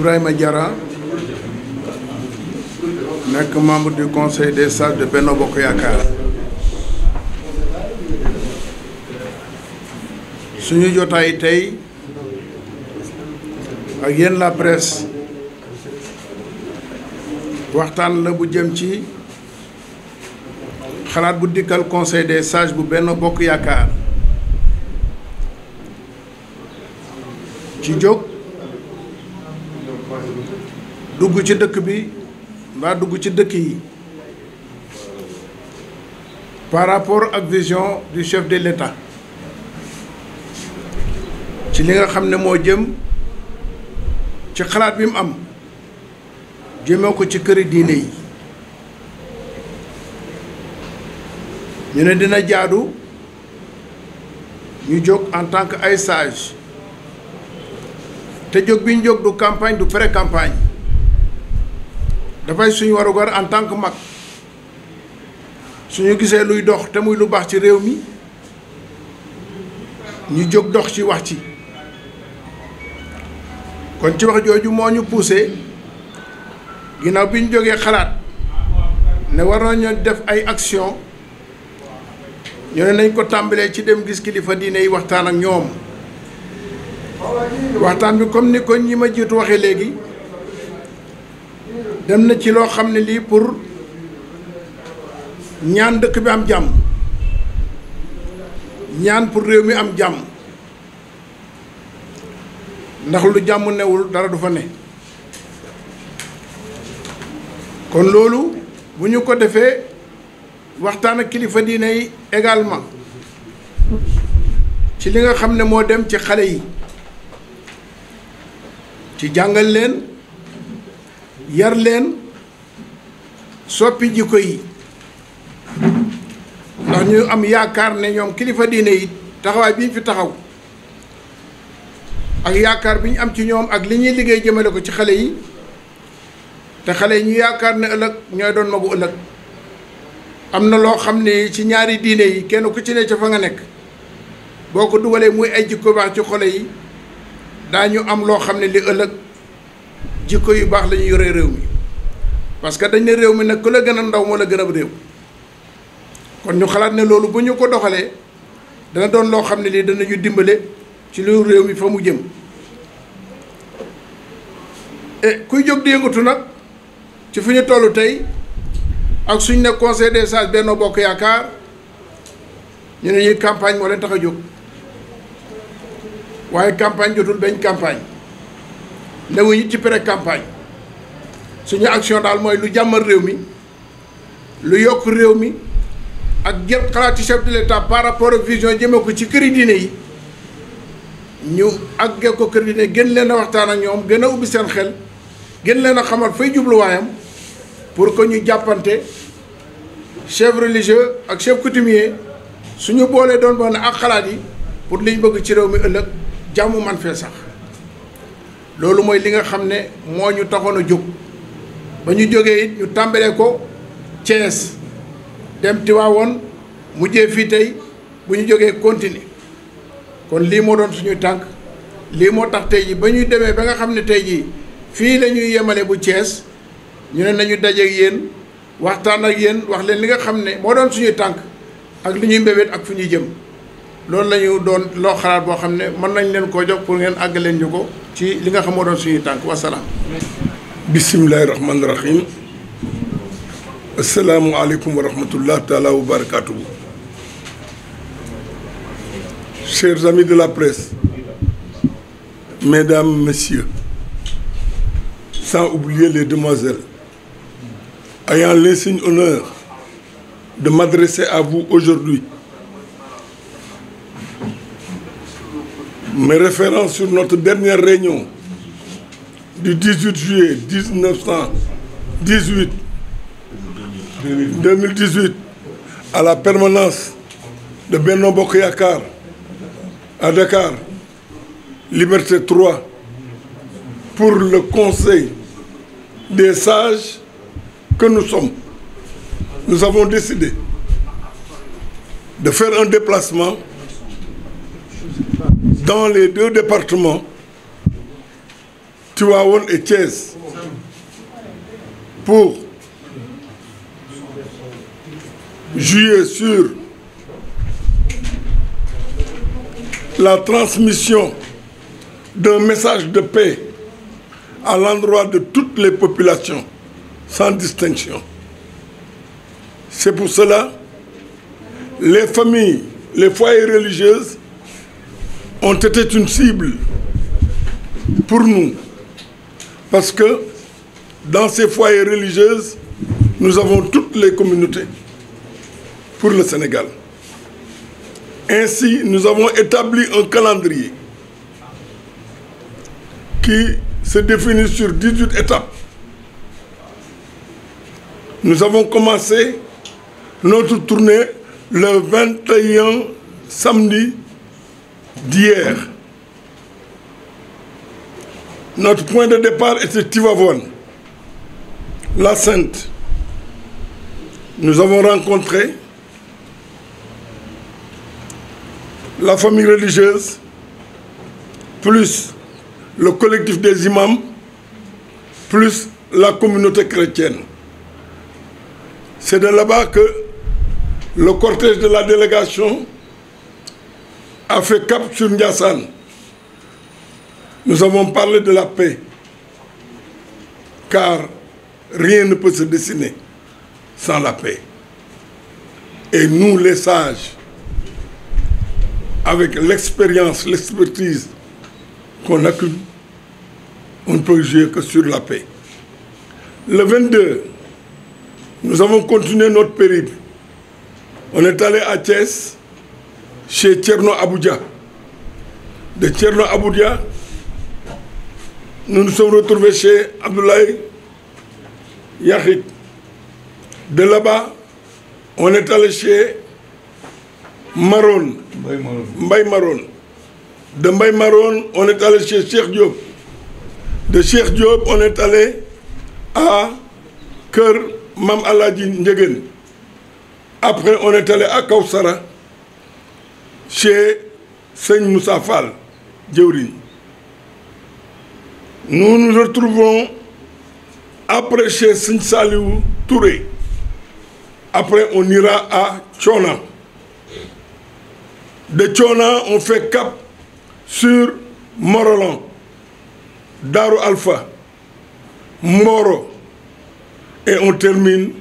Ibrahima Diarra nekk membre du conseil des sages de Benno Bokk Yaakaar suñu jotaay tey ak yéen la presse waxtaan la bu jëm ci xalaat bu dikkal conseil des sage bu benn Bokk Yaakaar ci jóg dugg ci dëkk bi mbaa dugg ci dëkk yi par rapport ak vision du chef de l'État ci li nga xam ne moo jëm ci xalaat bi mu am jëmee ko ci këri diine yi ñu ne dina jaadu ñu jóg en tant que ay sage te jóg bi ñu jóg du campagne du pré-campagne dafay suñu warugar en tant que mag suñu gisee luy dox te muy lu baax ci réew mi ñu jóg dox ci wax ci kon ci wax jooju moo ñu poussé ginnaaw bi ñu jógee xalaat ne war def ay action ñu ne nañ ko tàmbalee ci dem gis kilifa diine yi waxtaan ak ñoom waxtaan bi comme ni ko ñi ma jiitu waxee léegi dem na ci loo xam ne lii pour ñaan dëkk bi am jàmm ñaan pour réew mi am jàmm ndax lu jàmm newul dara du fa ne kon loolu bu ñu ko defee waxtaan ak kilifa diine yi également ci li nga xam ne moo dem ci xale yi ci jàngal leen yar leen soppi jikko yi ndax ñu am yaakaar ne ñoom kilifa diine yi taxawaay bi ñu fi taxaw ak yaakaar bi ñu am ci ñoom ak li ñuy liggéey jëmale ko ci xale yi te xale yi ñu yaakaar ne ëllëg ñooy doon magu ëllëg am na loo xam ne ci ñaari diine yi kenn ku ci ne ca fa nga nekk boo ko dugalee muy ay jikko baax ci xole yi daañu am loo xam ne li ëllëg jikko yu baax la ñu yoree réew mi parce que dañ ne réew mi nag ku la gën a ndaw moo la gën a réew kon ñu xalaat ne loolu bu ñu ko doxalee dana doon loo xam ne lii danañu dimbale ci lu réew mi fa mu jëm eh, kuy jóg di yëngatu nag ci fu ñu toll tey ak suñ ne conseil des sages Benno Bokk Yaakaar ñu ne ñuy campagne moo leen tax a jóg waaye campagne jotul beñ campagne. yi ci pré campagne suñu action daal mooy lu jàmmal réew mi lu yokk réew mi ak jël xalaati chef de l'État par rapport ak vision jëmee ko ci këri diine yi ñu àggee ko kër diine gën leen a waxtaan ak ñoom gën a ubbi seen xel gën leen a xamal fay jubluwaayam pour que ñu jàppante chef religieux ak chef coutumier suñu boolee doon ba ne ak xalaat yi pour liñ bëgg ci réew mi ëllëg jàmm man fee sax loolu mooy li nga xam ne moo ñu taxoon a jóg ba ñu jógee it ñu tàmbalee ko Thiès dem Tiwaawoon mujjee fii tey bu ñu jógee continuer kon lii moo doon suñuy tànk lii moo tax tey jii ba ñuy demee ba nga xam ne tey jii fii lañuy ñuy yemale bu Thiès ñu ne nañu dajeeg yéen waxtaan ak yéen wax leen li nga xam ne moo doon suñuy tànk ak li ñuy mbébét ak fu ñuy jëm loolu la ñu doon loo xalaat boo xam ne mën nañ leen ko jox pour ngeen àgg leen ñu ko. ci li nga xamoo doon suñuy tànk wasalaam. de la presse. mesdames, messieurs. sans oublier les demoiselles. ayant l'insigne honneur de m'adresser à vous aujourd'hui me référant sur notre dernière réunion du 18 juillet 1918 2018 à la permanence de Benno Bokk Yakaar à Dakar Liberté 3 pour le conseil des sages que nous sommes nous avons décidé de faire un déplacement dans les deux départements Tivaouane et Thiès pour jouer sur la transmission d'un message de paix à l'endroit de toutes les populations, sans distinction. C'est pour cela les familles, les foyers religieuses ont été une cible pour nous parce que dans ces foyers religieuses, nous avons toutes les communautés pour le Sénégal. Ainsi, nous avons établi un calendrier qui se définit sur 18 étapes. Nous avons commencé notre tournée le 21 samedi d'hier. Notre point de départ était Tivavone, la Sainte. Nous avons rencontré la famille religieuse, plus le collectif des imams, plus la communauté chrétienne. C'est de là-bas que le cortège de la délégation à fait cap sur Ndiassan. Nous avons parlé de la paix, car rien ne peut se dessiner sans la paix. Et nous, les sages, avec l'expérience, l'expertise qu'on accumule, on ne peut jouer que sur la paix. Le 22, nous avons continué notre périple. On est allé à Thiès, chez Tcherno Abuja. De Tcherno Abuja, nous nous sommes retrouvés chez Abdoulaye Yahid. De là-bas, on est allé chez Maron, Mbaye Maron. De Mbaye Maron, on est allé chez Cheikh De Cheikh Diop, on est allé à Ker Mam Aladji Ndjegen. Après, on est allé à chez Seigne Moussa Fall, Djeuri. Nous nous retrouvons après chez Seigne Saliou Touré. Après, on ira à Tchona. De Tchona, on fait cap sur Morolan, Daru Alpha, Moro. Et on termine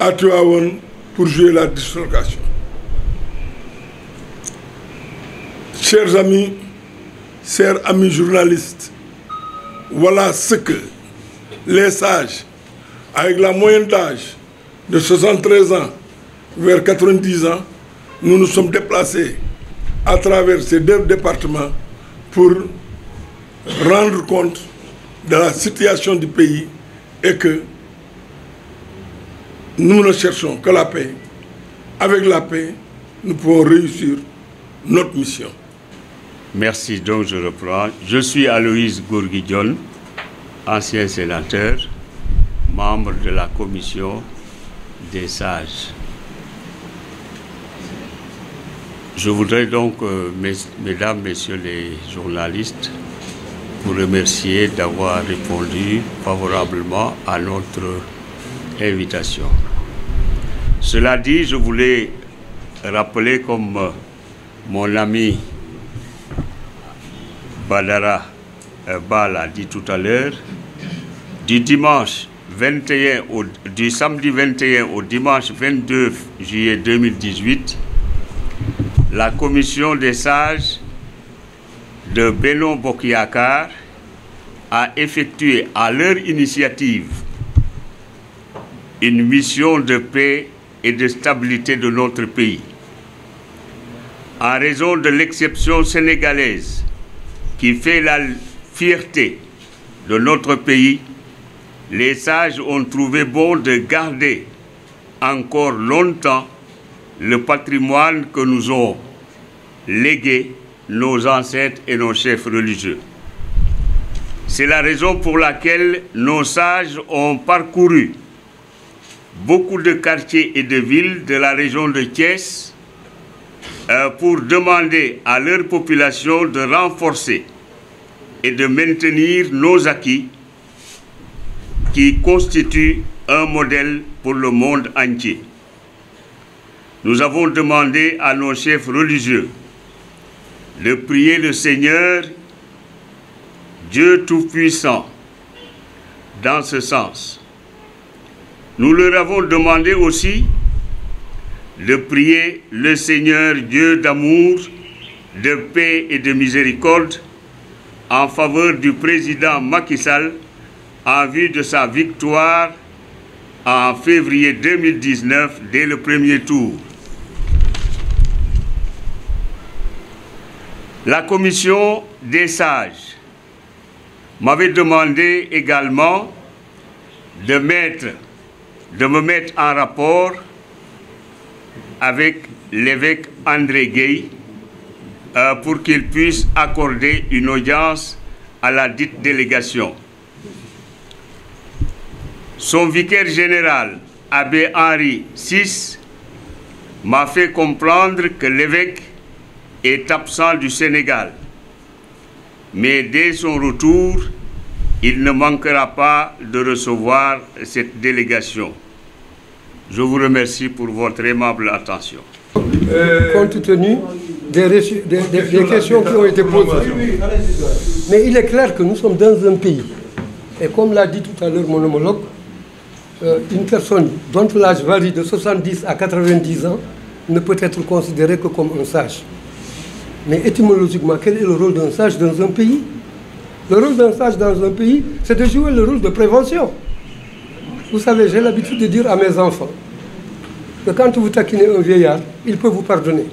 à Tuawan pour jouer la dislocation. chers amis chers amis journalistes voilà ce que les sages avec la moyenne d'âge de 73 ans vers 90 ans nous nous sommes à travers ces deux pour rendre compte de la situation du pays et que nous ne cherchons que Avec la paix, nous réussir notre mission. Merci, donc je reprends. Je suis Aloïse Gourguignon, ancien sénateur, membre de la commission des sages. Je voudrais donc, euh, mes, mesdames, messieurs les journalistes, vous remercier d'avoir répondu favorablement à notre invitation. Cela dit, je voulais rappeler comme euh, mon ami Badara euh, Ba l'a dit tout à l'heure du dimanche 21 au du samedi au dimanche juillet la commission des sages de Beno Bokyakar a effectué à leur initiative une mission de paix et de stabilité de notre pays. En raison de l'exception sénégalaise qui fait la fierté de notre pays, les sages ont trouvé bon de garder encore longtemps le patrimoine que nous ont légué nos ancêtres et nos chefs religieux. C'est la raison pour laquelle nos sages ont parcouru beaucoup de quartiers et de villes de la région de Thiès euh, pour demander à leur population de renforcer et de maintenir nos acquis qui constituent un modèle pour le monde entier. Nous avons demandé à nos chefs religieux de prier le Seigneur, Dieu Tout-Puissant, dans ce sens. Nous leur avons demandé aussi de prier le Seigneur Dieu d'amour, de paix et de miséricorde en faveur du président Macky en vue de sa victoire en février 2019 dès le premier tour. La commission des sages m'avait demandé également de, mettre, de me mettre en rapport avec l'évêque André Gay euh, pour qu'il puisse accorder une audience à la dite délégation. Son vicaire général, Abbé Henri VI, m'a fait comprendre que l'évêque est absent du Sénégal. Mais dès son retour, il ne manquera pas de recevoir cette délégation. Je vous remercie pour votre aimable attention. Euh, compte tenu des, des, des, des questions qui ont été posées. Et comme l'a dit tout à l'heure mon homologue, euh, une personne dont l'âge varie à 90 ans ne peut être considérée que comme un sage. Mais étymologiquement, quel est le rôle d'un sage dans Le rôle d'un sage dans un pays, Vous savez, j'ai l'habitude de dire à mes enfants que quand vous taquinez un vieillard, il peut vous pardonner.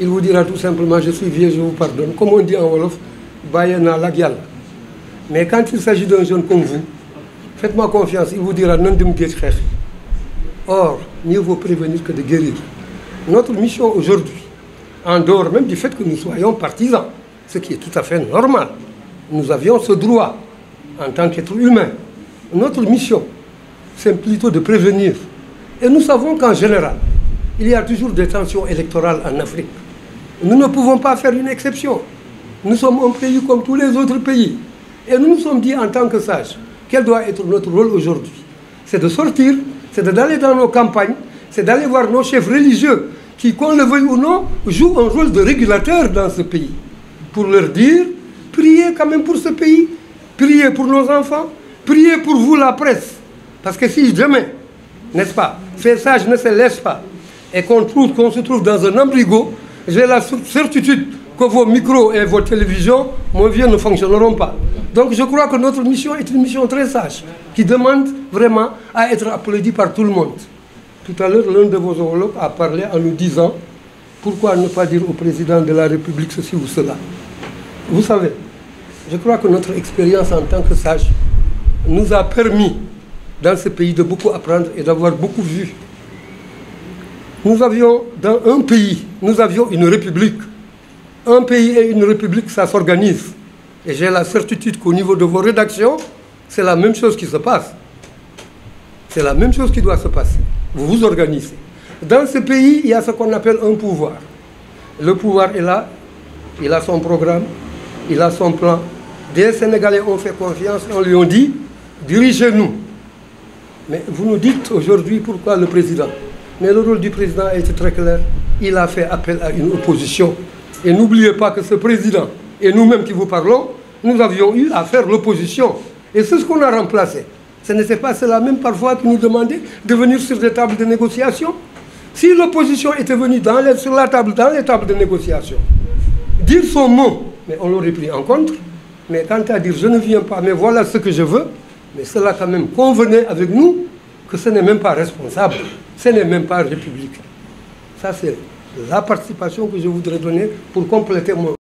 Il vous dira tout simplement, je suis vieux, je vous pardonne. Comme on dit en Wolof, Bayana Lagyal. Mais quand il s'agit d'un jeune comme vous, faites-moi confiance, il vous dira, non de me frère. Or, mieux vaut prévenir que de guérir. Notre mission aujourd'hui, en dehors même du fait que nous soyons partisans, ce qui est tout à fait normal, nous avions ce droit mission, c'est plutôt de prévenir. Et nous savons qu'en général, il y a toujours des tensions électorales en Afrique. Nous ne pouvons pas faire une exception. Nous sommes un pays comme tous les autres pays. Et nous nous sommes dit en tant que sages, quel doit être notre rôle aujourd'hui C'est de sortir, c'est d'aller dans nos campagnes, c'est d'aller voir nos chefs religieux qui, qu'on le veuille ou non, jouent un rôle de régulateur dans ce pays. Pour leur dire, priez quand même pour ce pour nos enfants, priez Parce que si jamais, n'est-ce pas, ces sages ne se laissent pas et qu'on trouve qu'on se trouve dans un embrigo, j'ai la certitude que vos micros et vos télévisions, mon vieux, ne fonctionneront pas. Donc je crois que notre mission est une mission très sage, qui demande vraiment à être applaudie par tout le monde. Tout à l'heure, l'un de vos homologues a parlé en nous disant pourquoi ne pas dire au président de la République ceci ou cela. Vous savez, je crois que notr expérience en tant sage nous a dans ce pays de beaucoup apprendre et d'avoir beaucoup vu. Nous avions, dans un pays, nous avions une république. Un pays et une république, ça s'organise. Et j'ai la certitude qu'au niveau de vos rédactions, c'est la même chose qui se passe. C'est la même chose qui doit se passer. Vous vous organisez. Dans ce pays, il y a ce qu'on appelle un pouvoir. Le pouvoir est là, il a son programme, il a son plan. Des Sénégalais ont fait confiance, on lui a dit, dirigez-nous. Mais vous nous dites aujourd'hui pourquoi le président. Mais le rôle du président a été très clair. Il a fait appel à une opposition. Et n'oubliez pas que ce président et nous-mêmes qui vous parlons, nous avions eu à faire l'opposition. Et c'est ce qu'on a remplacé. Ce n'était pas cela même parfois qui nous demandait de venir sur des tables de négociation. Si l'opposition était venue dans les, sur la table, dans les tables de négociation, dire son mot, mais on l'aurait pris en compte. Mais quant à dire je ne viens pas, mais voilà ce que je veux, Mais cela quand même convenait avec nous que ce n'est même pas responsable, ce n'est même pas républicain. Ça, c'est la participation que je voudrais donner pour compléter mon...